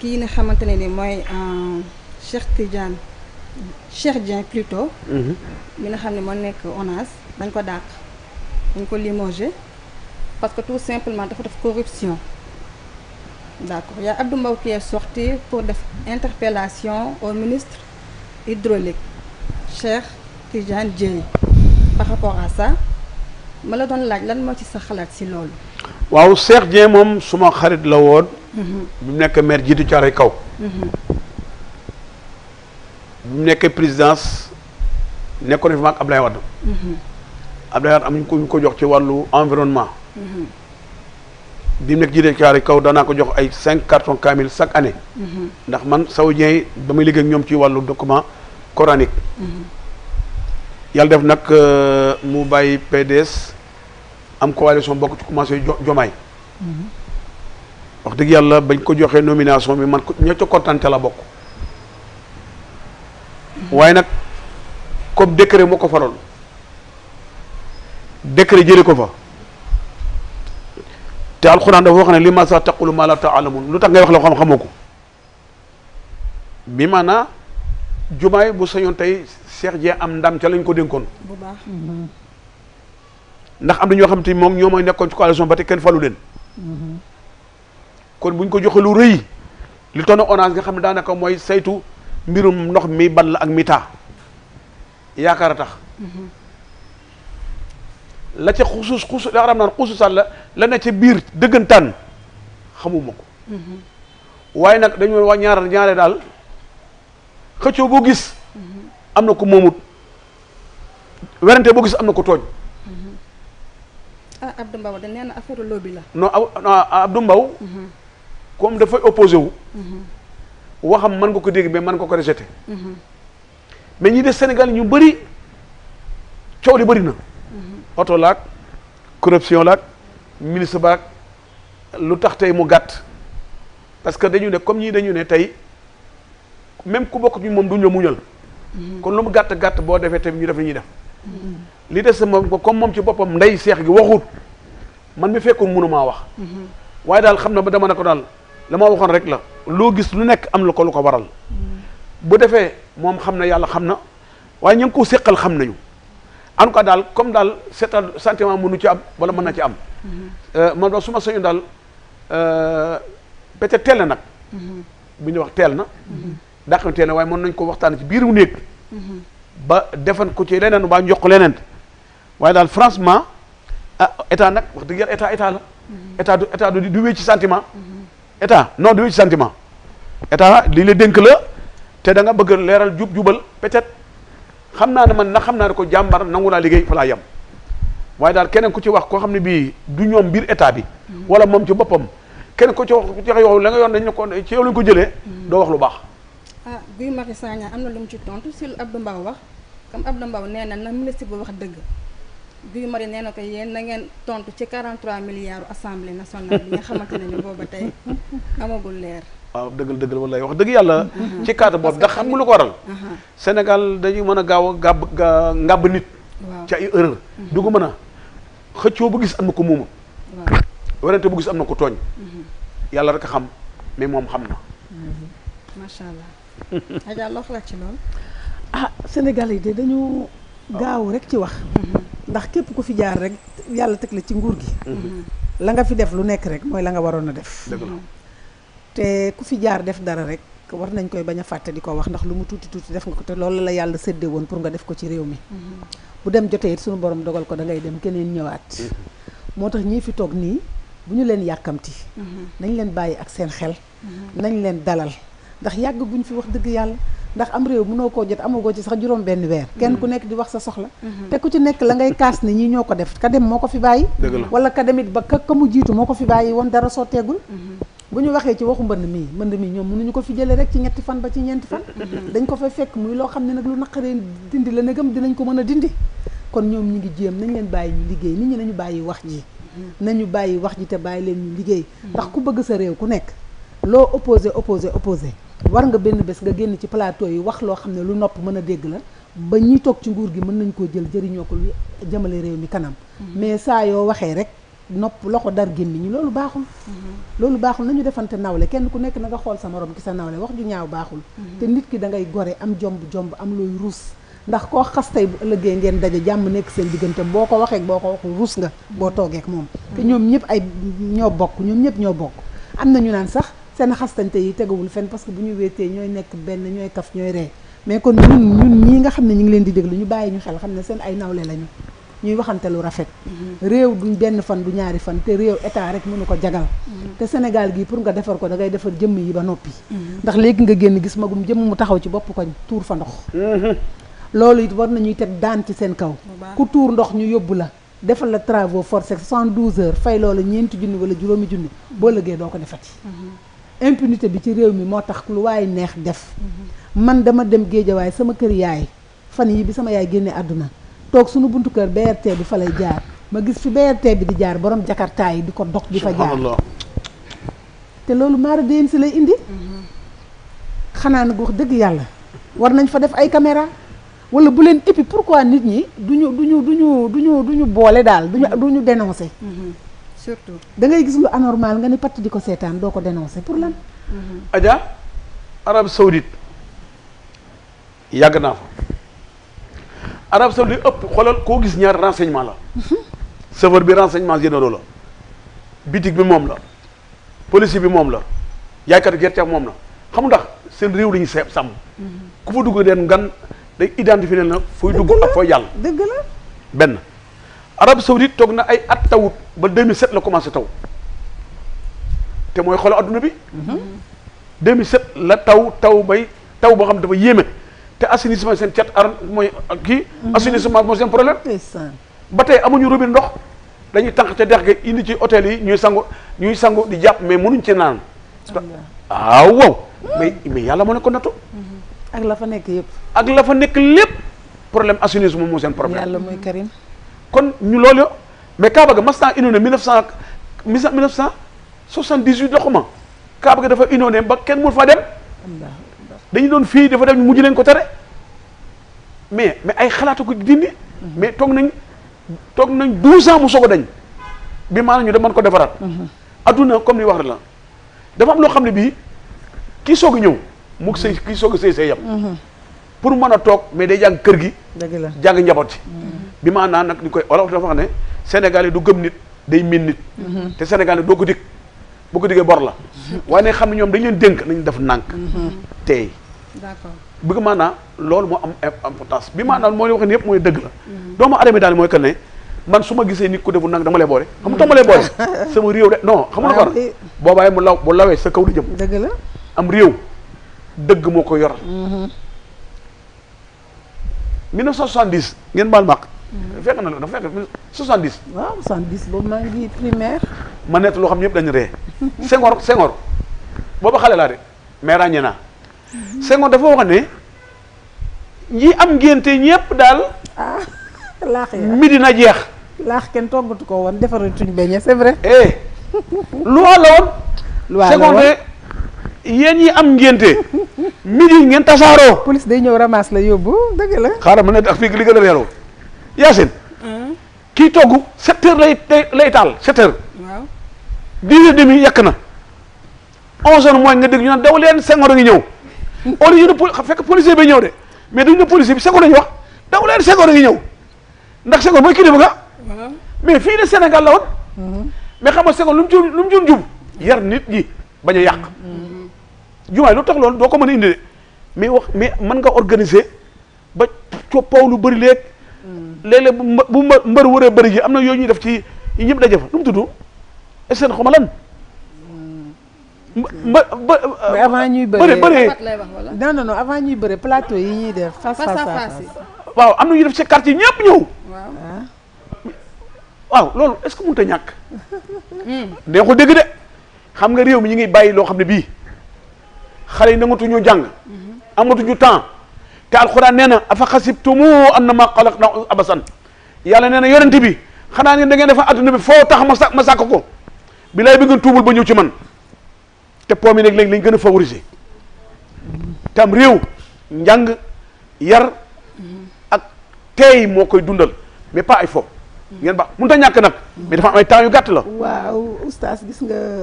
Qui nga xamante ne ni euh, Cheikh Tidiane Cheikh Dien plutôt. Mhm. mi nga xam ne moo nekk ONAS dañ ko dàq dañ ko limogé parce que tout simplement il dafa la corruption d'accord il y a Abdou qui est sorti pour def interpellation au ministre hydraulique Cheikh Tidiane Dieng par rapport à ça ma la doon laaj lan moo ci sa xalaat si loolu waaw Cheikh Dien, moom suma xarit la woon bi mu nekk maire jiitu Thiaroye kaw bi mu nekkee présidence nekkoon na fi maag Ablaye Wade Ablaye Wade am ñu ko ñu ko jox ci wàllu environnement bi mu nekk jiite Thiaroye kaw danaa ko jox ay cinq cartons kaamil chaque année ndax man saoudien yi damay may liggéey ñoom ci wàllu document coranique yàlla def nag euh, mu bàyyi PDS am coalition bokk ci commencé jomaay wax dëgg yàlla bañ ko joxee nomination bi man ña ca kontaan ca la bokk waaye nag comme décret moo ko faroon décret jële ko fa te alxuraan dafa wax ne li ma sa taqulu ma la taalamun lu tax ngay wax la xam-xamoo ko bi maanaa jumaay bu sañoon tey Cheikh Dieng am ndam ca lañ ko dénkoon ndax am na ñoo xam te moom ñoo nekkoon ci coalition ba te kenn falu leen mhm. kon bu ñu ko joxee lu rëy li tonne orange nga xam ne daanaka mooy saytu mbirum ndox mi ban ak mitaa yaakaar a tax mm-hmm. la ca xusuus xusu la aram naan xusuusaan la la ne biir dëggantaan xamuma ko mm-hmm. waaye nag dañu wax ñaar ñaare daal xëccoo boo gis mm-hmm. am na ko moomut werante boo gis am na ko tooñ ah Abdou Mbow dañ nee na affaire comme dafay opposé wu. waxam mën nga ko dégg mais man nga ko rejeté. mais ñi des Sénégal ñu bëri coow li bëri na. oto laag corruption laag ministre baag lu tax tey mu gàtt parce que dañu ne comme ñi dañu ne tey même ku bokk ñu moom duñ ñu la muñal. kon lu mu gàtt gàtt boo defee tamit ñu def li ñuy def. li des moom comme moom ci boppam ndey seex gi waxut man mi fekkoon mënumaa wax. Mhm. waaye daal xam na ba dama ko daal. la ma waxoon rek la loo gis lu nekk am la ko lu ko waral bu defee moom xam na yàlla xam na waaye ñu ngi ko séqal xam nañu en tout cas daal comme daal seetal sentiment mënu ci am wala mën na ci am man daal su ma sañu daal peut-être teel na nag bu ñu wax teel na dàq teel na waaye mën nañ ko waxtaan ci biiru néeg ba defan ko ci leneen waa njokk leneen waaye daal franchement ah état nag wax dëgg yàlla état état la état du état du du wéy ci sentiment état non du sentiment état li le denk la te da nga bëgg leeral jub jubal peut-être xamna na man na xamna ko jambar nangula fala yam dal kenen ku ci wax ko xamni bi du ñom bir état bi mm. wala mom ci bopam kenen ko ci wax ci wax la nga yoon dañ ko ci yow lu ko jëlé mm. do wax lu bax ah bi Marius Sagna amna lu mu ci tontu sil Abdou Mbaw wax comme Abdou Mbaw na ministre bu wax deug Guy Marie nee na ko yéen na ngeen tontu ci 43 milliards assemblée nationale bi nga xamante ne ni booba tey amagul leer. waaw dëggal dëggal wallaay wax dëgg yàlla. ci cadre boobu ndax xam nga lu ko waral. senegal dañuy mën a gaaw a gàbb ngàbb nit. Mhm. du ko mën a xëccoo gis am ko moomam. waaw werante bu na ko tooñ. Mhm. yàlla rek xam mais moom xam na. Mhm. macha allah. Adja loo xalaat ci loolu. Ah, dañu gaaw rek ci wax. ndax képp ku fi jaar rek yàlla teg la ci nguur gi mhm. la nga fi def lu nekk rek mooy la nga waroon a def te ku fi jaar def dara rek war nañ koy bañ a fàtte di ko wax ndax lu mu tuuti tuuti def nga ko te loolu la yàlla séddee woon pour nga def ko ci réew mi mhm. bu dem jotee it suñu borom dogal ko dangay dem keneen ñëwaat mhm. moo tax ñii fi toog nii bu ñu leen yàkkamti nañ leen bàyyi ak seen xel nañ leen dalal ndax yàgg guñ fi wax dëgg yàlla ndax am réew mënoo ko jot ko ci sax juróom benn weer mm. kenn ku nekk di wax sa soxla mm-hmm. te ku ci nekk la ngay kaas ni ñi ñoo ko def ka dem moo ko fi bàyyi wala ka demit ba ka mu jiitu moo ko fi bàyyi woon dara sotteegul mm-hmm. bu ñu waxee ci waxu mbënn mii mbënd mii ñoom mënuñu ko fi jëlee rek ci ñetti fan ba ci ñeenti fan mm-hmm. dañ ko fay fekk muy loo xam ne nag lu naqaree dindi la negam dinañ ko mën a dindi kon ñoom ñu ngi jéem nañ leen bàyyi ñu liggéey ni ñi nañu bàyyi wax ji nañu bàyyi wax ji te bàyyi leen ñu liggéey ndax ku bëgg sa réew ku nekk loo opposé opposé opposé war nga benn bés nga génn ci palaato yi wax loo xam ne lu nopp mën a dégg la ba ñiy toog ci nguur gi mën nañ koo jël jëriñoo ko lu jëmale réew mi kanam mm-hmm. mais saa yoo waxee rek nopp loxo dar gémmiñ ñu loolu baaxul mm-hmm. loolu baaxul nañu defante nawle kenn ku nekk na nga xool sa morom ki sa nawle wax ju ñaaw baaxul mm-hmm. te nit ki dangay gore am jomb jomb am looy ruus ndax koo xas tey bu ëllëgee ngeen daje jàmm nekk seen diggante boo ko waxee boo ko waxul ruus nga boo toogeek moom te ñoom ñëpp ay ñoo bokk ñoom ñëpp ñoo bokk am na ñu naan sax seen xastante yi tegawul fenn parce que bu ñu wéetee ñooy nekk benn ñooy kaf ñooy ree mais kon ñun ñi nga xam ne ñu ngi leen di déglu ñu bàyyi ñu xel xam ne seen ay nawle lañu ñuy waxante lu rafet. Mm-hmm. réew duñ benn fan du ñaari fan te réew état rek mënu ko jagal. Mm-hmm. te Sénégal gii pour nga defar ko dangay defar jëmm yi ba noppi. Mm-hmm. ndax léegi nga génn gis magum jëm mu taxaw ci bopp koñ tuur fa ndox. loolu it war ñuy teg daan ci seen kaw. ku tuur ndox ñu yóbbu la. defal la travaux forcés 72 heures fay loolu ñeenti junni wala juróomi junni boo lëggee doo ko defati. impunité bi ci réew mi moo tax lu waaye neex def man dama dem géejawaay sama kër yaay fan yii bi sama yaay génne àdduna toog suñu buntu kër BRT bi fa lay jaar ma gis fi BRT bi di jaar borom jakartaa yi di ko dog di fa jaar te loolu maara déen si lay indi xanaa nag wax dëgg yàlla war nañ fa def ay caméra wala bu leen épi pourquoi nit ñi duñu duñu duñu duñu duñu boole daal duñu duñu dénoncé mhm. surtout da gis lu anormal nga ni patt di ko seetaan doo ko dénoncer pour lan. Mm-hmm. Adja Arab Saoudite yàgg naa fa Arab Saoudite ëpp xoolal koo gis ñaari renseignement la. Mm-hmm. serveur bi renseignement généraux la. bitig bi moom la. police bi moom la. yaaykatu gerte moom la xam ndax seen réew la ñuy seet sàmm. Mm-hmm. ku fa dugg den ngan day identifier na fooy dugg ak fooy yàlla. dëgg la benn. Arabie Saoudite toog na ay at tawut ba 2007 la commencé taw te mooy xoolal adduna bi. 2007 mhm. la taw taw bay taw boo xam ne dafa yéeme te assainissement seen cat ar mooy kii. Mhm. assainissement mooy seen problème. ba tey amuñu robinet ndox dañuy tànq ca dex ga indi ci hôtel yi ñuy sangu ñuy sangu di jàpp mais mënuñ ci naan. ah waaw mais mais yàlla moo ne ko nattu. Mhm. ak la fa nekk yëpp. ak la fa nekk lépp problème assainissement moo seen problème. yàlla mooy Karim. kon ñu loolu mais Kaaba ga mas naa inondé mille neuf cent mille neuf cent soixante dix huit ma Kaaba ga dafa inondé ba kenn mënu faa dem dañu doon fii dafa dem ñu mujj leen ko tere mais mais ay xalaatu ko dindi mais toog nañ toog nañ douze ans mu soog a dañ bi maanaam ñu dem mën ko defaraat adduna comme ni wax la dafa am loo xam ne bii kii soog ñëw mu sëy kii soog a sëy sëy yam mhm. pour mën a toog mais day jàng kër gi dëgg la jàng njaboot ci bi maanaa nag ni koy olof dafa wax ne Sénégal yi du gëm nit day miin nit mhm. te Sénégal yi doo ko dig boo ko diggee bor la mhm. waaye ne xam ne ñoom dañ leen dénk nañ def nànk mhm. tey d'accord bëgg naa loolu moo am importance bi maanaa moo lay wax ne yëpp mooy dëgg la doomu aadama daal mooy que ne man su ma gisee nit ku defu nang dama lay boole xam nga tax ma lay sama réew de non xam nga ko boo bàyyi mu law bu lawee sa kaw di jëm dëgg la am réew dëgg moo ko yor 1970 ngeen baal ma fekk na dafa fekk 70. waaw 70 boobu maa ngi primaire. ma nekk loo xam dafa wax ne ñi am ngénte ñëpp daal. ah laax ya mi jeex. laax kenn toggatu ko woon defaratuñu beñe c'est vrai. eh loi la woon. loi ñi am ngénte midi ngeen tasaaroo. police day ñëw ramasse la yóbbu dëgg la. xaaral ma ak fii li gën Yacine. Hmm? kii togg sept heures lay lay lay taal sept heures. waaw 10 h demi yakna 11h heures nga deug ñu daw leen Senghor a ngi ñëw. au lieu de fekk police bi ñew de mais duñu police bi Senghor ñu wax daw leen Senghor a ngi ñëw ndax Senghor moy kilifa ga. mais fi le Sénégal la woon. Hmm. mais xam nga Senghor lu mu jur lu mu jur jub yar nit gi baña yak yàq. Hmm. jumaay lu tax lool do ko mën indi mais wax mais man nga organiser ba coppaw lu bëri lek léeg-léeg bu bu mbër wëree bëri gi am na yooyu ñuy def ci yi ñëpp daje fa nu mu tudd seen xaw ma lan. ba ba mais avant avant ñuy bëree plateau yi ñuy def. face à face waaw am na ñuy def ci quartier ñëpp ñëw. waaw loolu est-ce que mënut a ñàkk. dee ko dégg de xam nga réew mi ñu ngi bàyyi loo xam ne bii xale yi nangatuñu jàng. Hmm. amatuñu temps. te alxuraan nee na afa xasibtumu annama xalaqnaakum abasan yàlla nee na yonent bi xanaa ngeen da ngeen defa na bi foo tax ma sàkk ma sàkk ko bilaay bi ngeen tuubul ba ñëw ci man te poom yi nag léegi lañ gën a favoriser tam réew njàng yar ak teey moo koy dundal mais pas ay fo ngeen baax mënut a ñàkk nag mais dafa yu gàtt la waaw gis nga